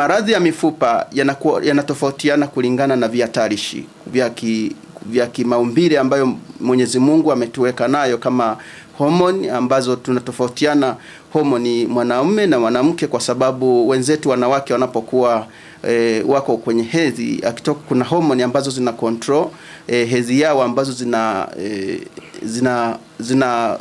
Maradhi ya mifupa yanatofautiana yana kulingana na vihatarishi vya kimaumbile ambayo Mwenyezi Mungu ametuweka nayo kama homoni ambazo tunatofautiana homoni mwanaume na mwanamke, kwa sababu wenzetu wanawake wanapokuwa e, wako kwenye hedhi akitoka, kuna homoni ambazo zina control e, hedhi yao ambazo zina e, zina zina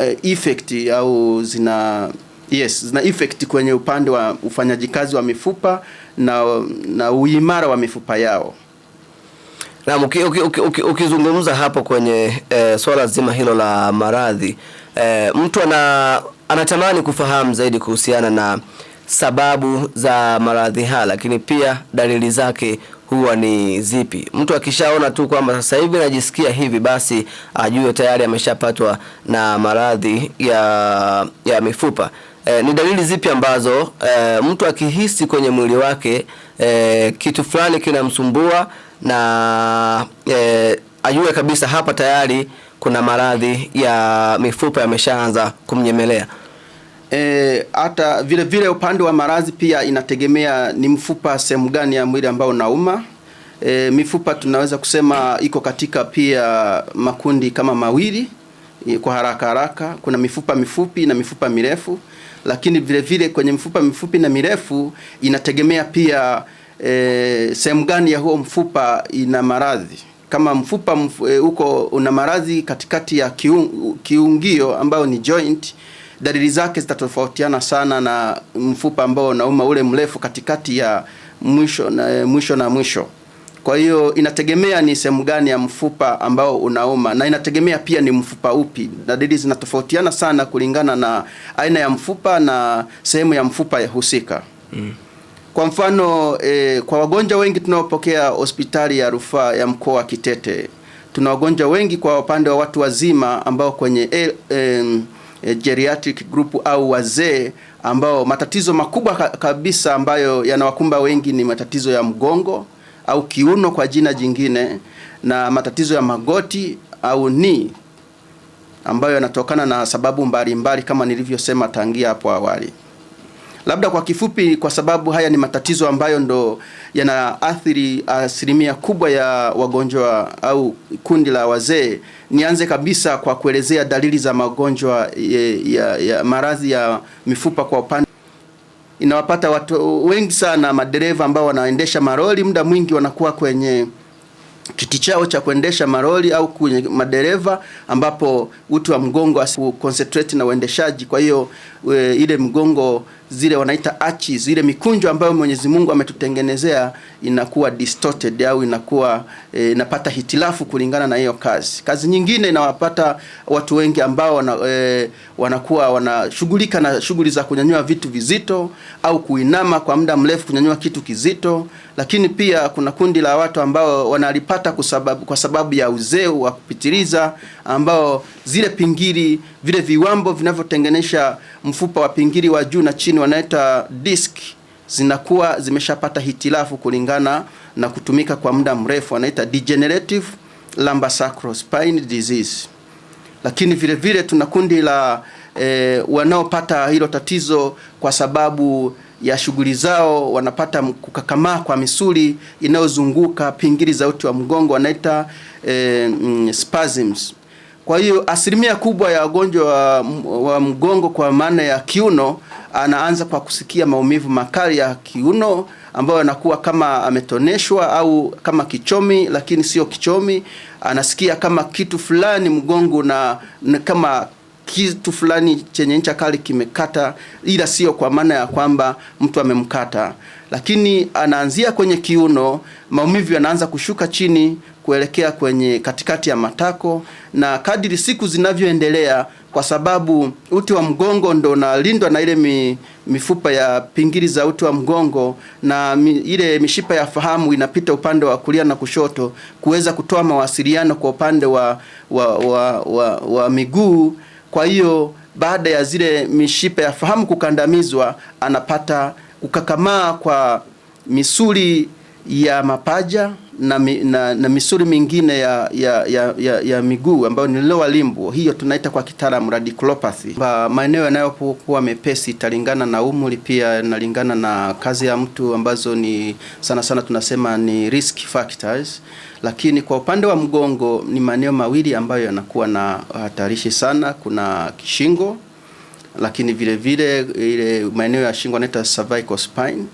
e, effect au zina Yes, zina effect kwenye upande wa ufanyaji kazi wa mifupa na, na uimara wa mifupa yao. Na ukizungumza uki, uki, uki hapo kwenye e, swala zima hilo la maradhi e, mtu ana, anatamani kufahamu zaidi kuhusiana na sababu za maradhi haya, lakini pia dalili zake huwa ni zipi. Mtu akishaona tu kwamba sasa hivi najisikia hivi, basi ajue tayari ameshapatwa na maradhi ya, ya mifupa. E, ni dalili zipi ambazo e, mtu akihisi kwenye mwili wake e, kitu fulani kinamsumbua na e, ajue kabisa hapa tayari kuna maradhi ya mifupa yameshaanza kumnyemelea. Eh, hata e, vile vile upande wa maradhi pia inategemea ni mfupa sehemu gani ya mwili ambao unauma. E, mifupa tunaweza kusema iko katika pia makundi kama mawili eh, kwa haraka haraka, kuna mifupa mifupi na mifupa mirefu, lakini vile vile kwenye mifupa mifupi na mirefu inategemea pia e, sehemu gani ya huo mfupa ina maradhi. Kama mfupa mf, e, uko una maradhi katikati ya kiung, kiungio ambayo ni joint dalili zake zitatofautiana sana na mfupa ambao unauma ule mrefu katikati ya mwisho na eh, mwisho na mwisho. Kwa hiyo inategemea ni sehemu gani ya mfupa ambao unauma na inategemea pia ni mfupa upi. Dalili zinatofautiana sana kulingana na aina ya mfupa na sehemu ya mfupa ya husika mm. Kwa mfano e, kwa wagonjwa wengi tunaopokea hospitali ya rufaa ya mkoa wa Kitete tuna wagonjwa wengi kwa upande wa watu wazima ambao kwenye e, e, e, geriatric group au wazee ambao matatizo makubwa kabisa ambayo yanawakumba wengi ni matatizo ya mgongo au kiuno kwa jina jingine, na matatizo ya magoti au ni ambayo yanatokana na sababu mbalimbali mbali, kama nilivyosema tangia hapo awali. Labda kwa kifupi, kwa sababu haya ni matatizo ambayo ndo yanaathiri uh, asilimia kubwa ya wagonjwa au kundi la wazee, nianze kabisa kwa kuelezea dalili za magonjwa ya, ya ya maradhi ya mifupa. Kwa upande inawapata watu wengi sana, madereva ambao wanaendesha maroli, muda mwingi wanakuwa kwenye kiti chao cha kuendesha maroli au kwenye madereva, ambapo uti wa mgongo asiconcentrate na uendeshaji, kwa hiyo ile mgongo zile wanaita achi, zile mikunjo ambayo Mwenyezi Mungu ametutengenezea inakuwa distorted au inakuwa e, inapata hitilafu kulingana na hiyo kazi. Kazi nyingine inawapata watu wengi ambao wana, e, wanakuwa wanashughulika na shughuli za kunyanyua vitu vizito au kuinama kwa muda mrefu kunyanyua kitu kizito, lakini pia kuna kundi la watu ambao wanalipata kwa sababu ya uzeu wa kupitiliza ambao zile pingili vile viwambo vinavyotengenesha mfupa wa pingili wa juu na chini, wanaita disk, zinakuwa zimeshapata hitilafu kulingana na kutumika kwa muda mrefu, wanaita degenerative lumbar sacral spine disease. Lakini vile vile tuna kundi la e, wanaopata hilo tatizo kwa sababu ya shughuli zao, wanapata kukakamaa kwa misuli inayozunguka pingili za uti wa mgongo, wanaita e, mm, spasms. Kwa hiyo asilimia kubwa ya wagonjwa wa, wa mgongo kwa maana ya kiuno anaanza kwa kusikia maumivu makali ya kiuno ambayo anakuwa kama ametoneshwa au kama kichomi, lakini sio kichomi. Anasikia kama kitu fulani mgongo na, na kama kitu fulani chenye ncha kali kimekata, ila sio kwa maana ya kwamba mtu amemkata, lakini anaanzia kwenye kiuno, maumivu yanaanza kushuka chini kuelekea kwenye katikati ya matako, na kadiri siku zinavyoendelea, kwa sababu uti wa mgongo ndo unalindwa na ile mi, mifupa ya pingili za uti wa mgongo na mi, ile mishipa ya fahamu inapita upande wa kulia na kushoto kuweza kutoa mawasiliano kwa upande wa, wa, wa, wa, wa miguu. Kwa hiyo baada ya zile mishipa ya fahamu kukandamizwa, anapata kukakamaa kwa misuli ya mapaja na, na, na misuri mingine ya, ya, ya, ya, ya miguu ambayo ni lower limb, hiyo tunaita kwa kitaalamu radiculopathy. Maeneo yanayokuwa mepesi italingana na umri, pia inalingana na kazi ya mtu ambazo ni sana sana tunasema ni risk factors, lakini kwa upande wa mgongo ni maeneo mawili ambayo yanakuwa na hatarishi sana. Kuna kishingo, lakini vile vile ile maeneo ya shingo yanaitwa cervical spine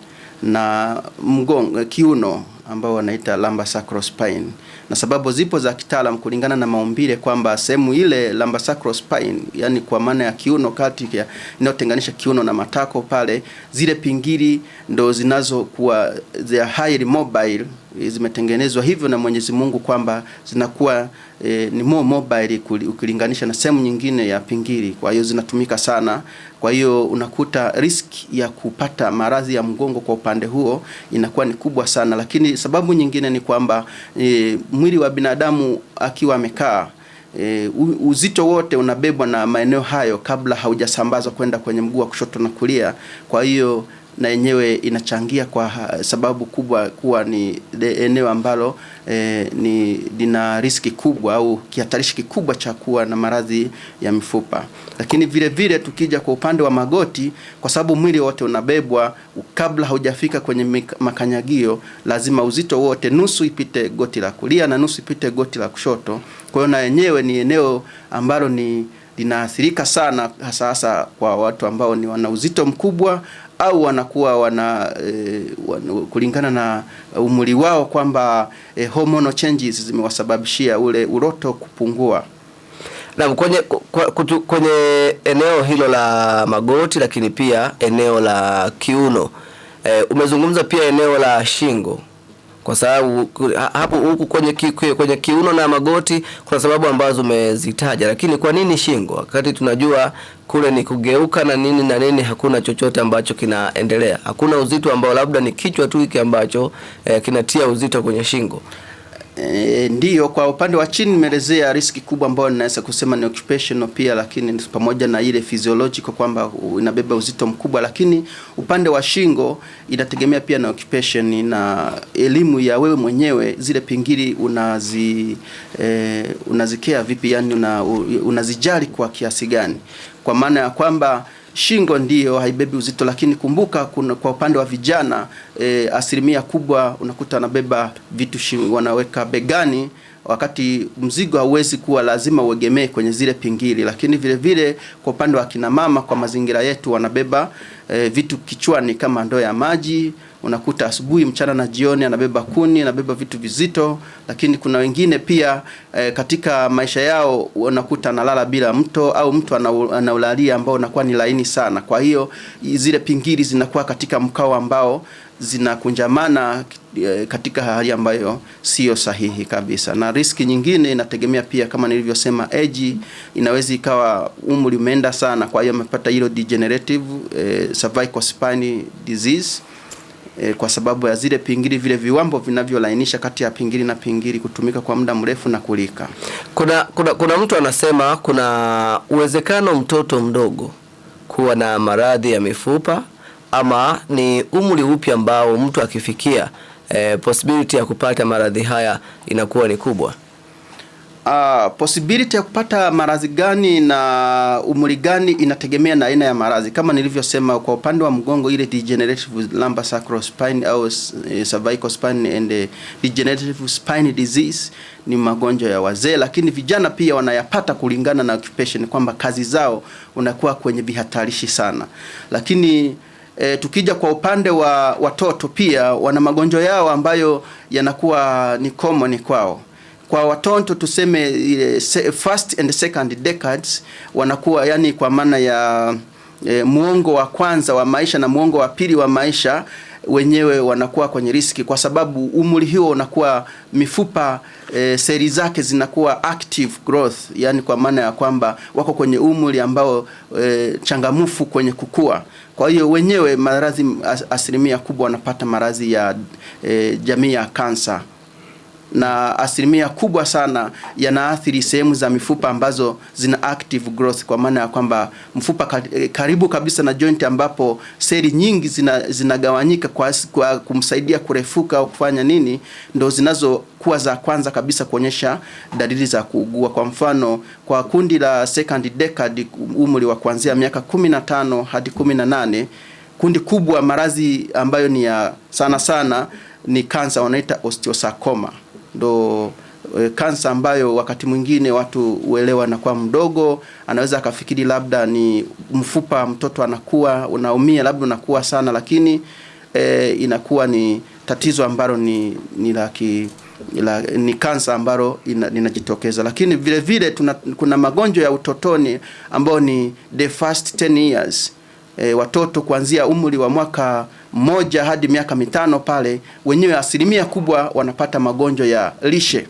na mgongo, kiuno ambao wanaita lumbar sacrospine, na sababu zipo za kitaalam kulingana na maumbile kwamba sehemu ile lumbar sacrospine, yani kwa maana ya kiuno kati ya inayotenganisha kiuno na matako pale, zile pingili ndo zinazokuwa they highly mobile zimetengenezwa hivyo na Mwenyezi Mungu kwamba zinakuwa e, ni more mobile ukilinganisha na sehemu nyingine ya pingili. Kwa hiyo zinatumika sana, kwa hiyo unakuta risk ya kupata maradhi ya mgongo kwa upande huo inakuwa ni kubwa sana, lakini sababu nyingine ni kwamba e, mwili wa binadamu akiwa amekaa E, uzito wote unabebwa na maeneo hayo kabla haujasambazwa kwenda kwenye mguu wa kushoto na kulia. Kwa hiyo na yenyewe inachangia kwa uh, sababu kubwa kuwa ni eneo ambalo e, ni lina riski kubwa au kihatarishi kikubwa cha kuwa na maradhi ya mifupa. Lakini vile vile tukija kwa upande wa magoti, kwa sababu mwili wote unabebwa, kabla haujafika kwenye makanyagio, lazima uzito wote nusu ipite goti la kulia na nusu ipite goti la kushoto. Kwa hiyo na yenyewe ni eneo ambalo ni linaathirika sana hasa hasa kwa watu ambao ni wana uzito mkubwa au wanakuwa wana, e, wana kulingana na umri wao kwamba e, hormonal changes zimewasababishia ule uroto kupungua. Na kwenye, kutu, kwenye eneo hilo la magoti lakini pia eneo la kiuno e, umezungumza pia eneo la shingo kwa sababu hapo huku kwenye, ki, kwenye kiuno na magoti kuna sababu ambazo umezitaja, lakini kwa nini shingo, wakati tunajua kule ni kugeuka na nini na nini, hakuna chochote ambacho kinaendelea, hakuna uzito ambao labda ni kichwa tu hiki ambacho eh, kinatia uzito kwenye shingo. E, eh, ndiyo, kwa upande wa chini nimeelezea riski kubwa ambayo ninaweza kusema ni occupational pia, lakini pamoja na ile physiological kwamba inabeba uzito mkubwa, lakini upande wa shingo inategemea pia na occupation na elimu ya wewe mwenyewe, zile pingili unazi e, unazikea vipi, yani una, unazijali kwa kiasi gani, kwa maana ya kwamba Shingo ndio haibebi uzito, lakini kumbuka kuna, kwa upande wa vijana e, asilimia kubwa unakuta anabeba vitu shingo, wanaweka begani wakati mzigo hauwezi kuwa lazima uegemee kwenye zile pingili. Lakini vile vile kwa upande wa kina mama, kwa mazingira yetu wanabeba e, vitu kichwani kama ndoo ya maji unakuta asubuhi, mchana na jioni anabeba kuni, anabeba vitu vizito. Lakini kuna wengine pia e, katika maisha yao unakuta analala bila mto au mto anaulalia ambao unakuwa ni laini sana. Kwa hiyo zile pingili zinakuwa katika mkao ambao zinakunjamana eh, katika hali ambayo sio sahihi kabisa. Na riski nyingine inategemea pia, kama nilivyosema, age inaweza ikawa umri umeenda sana, kwa hiyo amepata hilo degenerative eh, cervical spine disease e, kwa sababu ya zile pingili, vile viwambo vinavyolainisha kati ya pingili na pingili kutumika kwa muda mrefu na kulika. Kuna, kuna, kuna mtu anasema kuna uwezekano mtoto mdogo kuwa na maradhi ya mifupa ama ni umri upi ambao mtu akifikia, e, possibility ya kupata maradhi haya inakuwa ni kubwa? Uh, possibility ya kupata maradhi gani na umri gani inategemea na aina ya maradhi. Kama nilivyosema, kwa upande wa mgongo ile degenerative lumbar sacral spine au eh, cervical spine and eh, degenerative spine disease ni magonjwa ya wazee, lakini vijana pia wanayapata kulingana na occupation, kwamba kazi zao unakuwa kwenye vihatarishi sana, lakini E, tukija kwa upande wa watoto pia wana magonjwa yao ambayo yanakuwa ni common kwao kwa watoto tuseme eh, first and second decades wanakuwa yani, kwa maana ya e, eh, muongo wa kwanza wa maisha na muongo wa pili wa maisha wenyewe wanakuwa kwenye riski kwa sababu umri huo unakuwa mifupa e, seli zake zinakuwa active growth, yani kwa maana ya kwamba wako kwenye umri ambao e, changamufu kwenye kukua. Kwa hiyo wenyewe maradhi, asilimia kubwa wanapata maradhi ya e, jamii ya kansa na asilimia kubwa sana yanaathiri sehemu za mifupa ambazo zina active growth, kwa maana ya kwamba mfupa eh, karibu kabisa na joint, ambapo seli nyingi zinagawanyika zina kwa, kwa kumsaidia kurefuka au kufanya nini, ndo zinazokuwa za kwanza kabisa kuonyesha dalili za kuugua. Kwa mfano kwa kundi la second decade, umri wa kuanzia miaka 15 hadi 18, kundi kubwa maradhi ambayo ni ya sana sana ni kansa, wanaita osteosarcoma ndo e, eh, kansa ambayo wakati mwingine watu uelewa kwa mdogo, anaweza akafikiri labda ni mfupa mtoto anakuwa unaumia, labda unakuwa sana, lakini e, inakuwa ni tatizo ambalo ni ni la la, ni kansa ambalo linajitokeza, lakini vile vile tuna, kuna magonjwa ya utotoni ambayo ni the first 10 years e, watoto kuanzia umri wa mwaka mmoja hadi miaka mitano pale, wenyewe asilimia kubwa wanapata magonjwa ya lishe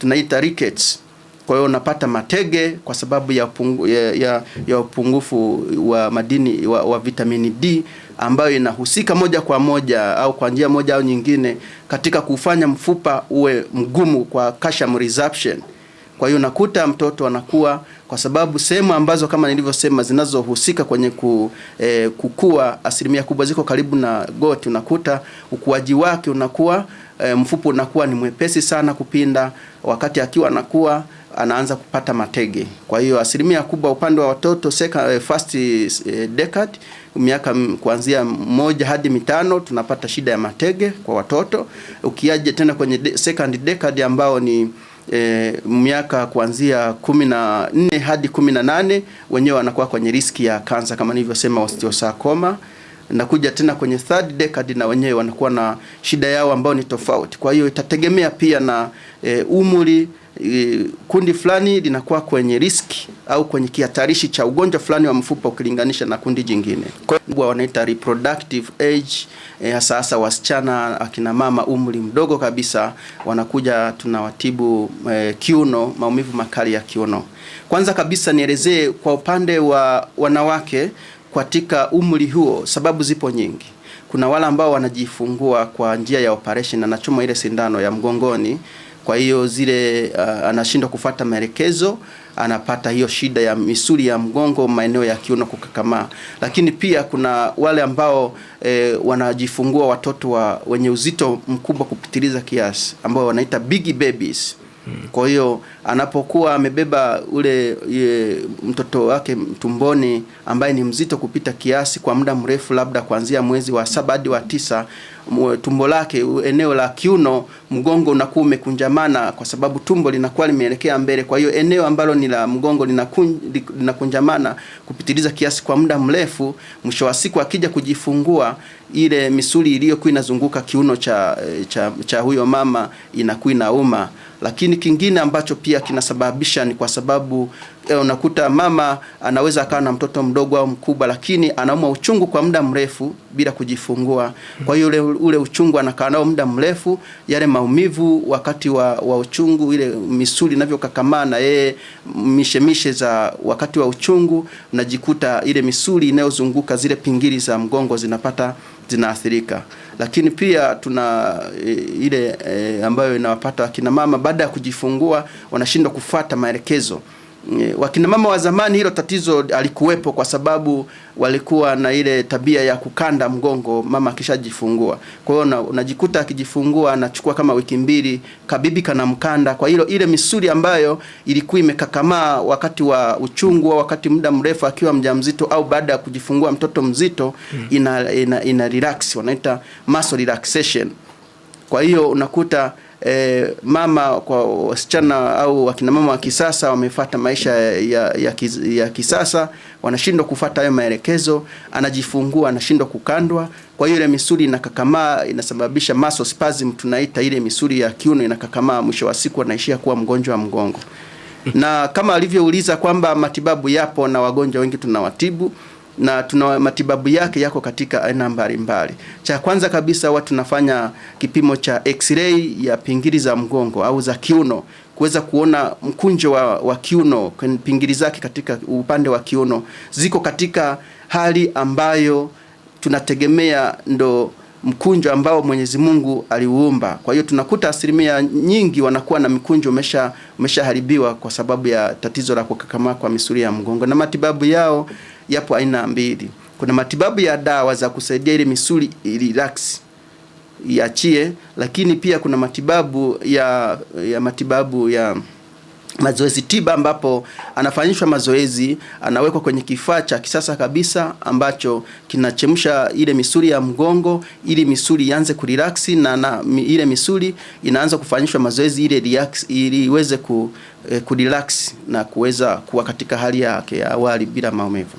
tunaita rickets. Kwa hiyo unapata matege kwa sababu ya, upungu, ya, ya, ya upungufu wa madini wa, wa vitamini D ambayo inahusika moja kwa moja au kwa njia moja au nyingine katika kufanya mfupa uwe mgumu kwa calcium resorption. Kwa hiyo unakuta mtoto anakuwa kwa sababu sehemu ambazo kama nilivyosema zinazohusika kwenye ku, e, kukua asilimia kubwa ziko karibu na goti, unakuta ukuaji wake unakuwa e, eh, mfupa unakuwa ni mwepesi sana kupinda, wakati akiwa anakuwa anaanza kupata matege. Kwa hiyo asilimia kubwa upande wa watoto second, eh, first decade miaka kuanzia moja hadi mitano tunapata shida ya matege kwa watoto. Ukiaje tena kwenye second decade ambao ni e, miaka kuanzia kumi na hadi kumi na wenyewe wanakuwa kwenye riski ya kansa kama nilivyosema, osteosarcoma nakuja tena kwenye third decade na wenyewe wanakuwa na shida yao ambayo ni tofauti. Kwa hiyo itategemea pia na e, umri Eh, kundi fulani linakuwa kwenye riski au kwenye kihatarishi cha ugonjwa fulani wa mfupa ukilinganisha na kundi jingine. Kwa wanaita reproductive age e, hasa hasa wasichana, akina mama umri mdogo kabisa wanakuja tunawatibu e, kiuno, maumivu makali ya kiuno. Kwanza kabisa nielezee kwa upande wa wanawake katika umri huo, sababu zipo nyingi. Kuna wale ambao wanajifungua kwa njia ya operation, anachoma ile sindano ya mgongoni kwa hiyo zile uh, anashindwa kufata maelekezo, anapata hiyo shida ya misuli ya mgongo, maeneo ya kiuno kukakamaa. Lakini pia kuna wale ambao e, wanajifungua watoto wa wenye uzito mkubwa kupitiliza kiasi ambao wanaita big babies. Hmm. Kwa hiyo anapokuwa amebeba ule ye, mtoto wake tumboni ambaye ni mzito kupita kiasi kwa muda mrefu, labda kuanzia mwezi wa saba hadi wa tisa tumbo lake, eneo la kiuno, mgongo unakuwa umekunjamana kwa sababu tumbo linakuwa limeelekea mbele. Kwa hiyo eneo ambalo ni la mgongo linakunjamana kupitiliza kiasi kwa muda mrefu, mwisho wa siku akija kujifungua, ile misuli iliyokuwa inazunguka kiuno cha, eh, cha, cha huyo mama inakuwa inauma. Lakini kingine ambacho pia kinasababisha ni kwa sababu Eh, unakuta mama anaweza akawa na mtoto mdogo au mkubwa, lakini anauma uchungu kwa muda mrefu bila kujifungua. Kwa hiyo ule, ule uchungu anakaa nao muda mrefu, yale maumivu wakati wa, wa uchungu, ile misuli inavyokakamana na eh, yeye, mishemishe za wakati wa uchungu, unajikuta ile misuli inayozunguka zile pingili za mgongo zinapata zinaathirika lakini pia tuna e, ile e, ambayo inawapata akina mama baada ya kujifungua, wanashindwa kufuata maelekezo. Eh, wakina mama wa zamani hilo tatizo alikuwepo, kwa sababu walikuwa na ile tabia ya kukanda mgongo mama akishajifungua. Kwa hiyo unajikuta akijifungua anachukua kama wiki mbili, kabibi kana mkanda. Kwa hilo ile misuli ambayo ilikuwa imekakamaa wakati wa uchungu au wakati muda mrefu akiwa mjamzito au baada ya kujifungua mtoto mzito hmm. ina, ina, ina relax, wanaita muscle relaxation. Kwa hiyo unakuta e, mama kwa wasichana au wakina mama wa kisasa wamefata maisha ya, ya, ya kisasa, wanashindwa kufata hayo maelekezo, anajifungua anashindwa kukandwa. Kwa hiyo ile misuli inakakamaa, inasababisha muscle spasm, tunaita ile misuli ya kiuno inakakamaa, mwisho wa siku anaishia kuwa mgonjwa wa mgongo. Na kama alivyouliza kwamba matibabu yapo na wagonjwa wengi tunawatibu na tuna matibabu yake yako katika aina mbalimbali. Cha kwanza kabisa huwa tunafanya kipimo cha x-ray ya pingili za mgongo au za kiuno kuweza kuona mkunjo wa, wa kiuno, pingili zake katika upande wa kiuno ziko katika hali ambayo tunategemea ndo mkunjo ambao Mwenyezi Mungu aliuumba. Kwa hiyo tunakuta asilimia nyingi wanakuwa na mikunjo umeshaharibiwa, haribiwa kwa sababu ya tatizo la kukakamaa kwa misuli ya mgongo, na matibabu yao yapo aina mbili. Kuna matibabu ya dawa za kusaidia ile misuli relax iachie, lakini pia kuna matibabu ya, ya matibabu ya mazoezi tiba ambapo anafanyishwa mazoezi, anawekwa kwenye kifaa cha kisasa kabisa ambacho kinachemsha ile misuli ya mgongo ili misuli ianze kurelax na, na ile misuli inaanza kufanyishwa mazoezi ile relax, ili iweze ku, eh, kurelax na kuweza kuwa katika hali yake ya awali bila maumivu.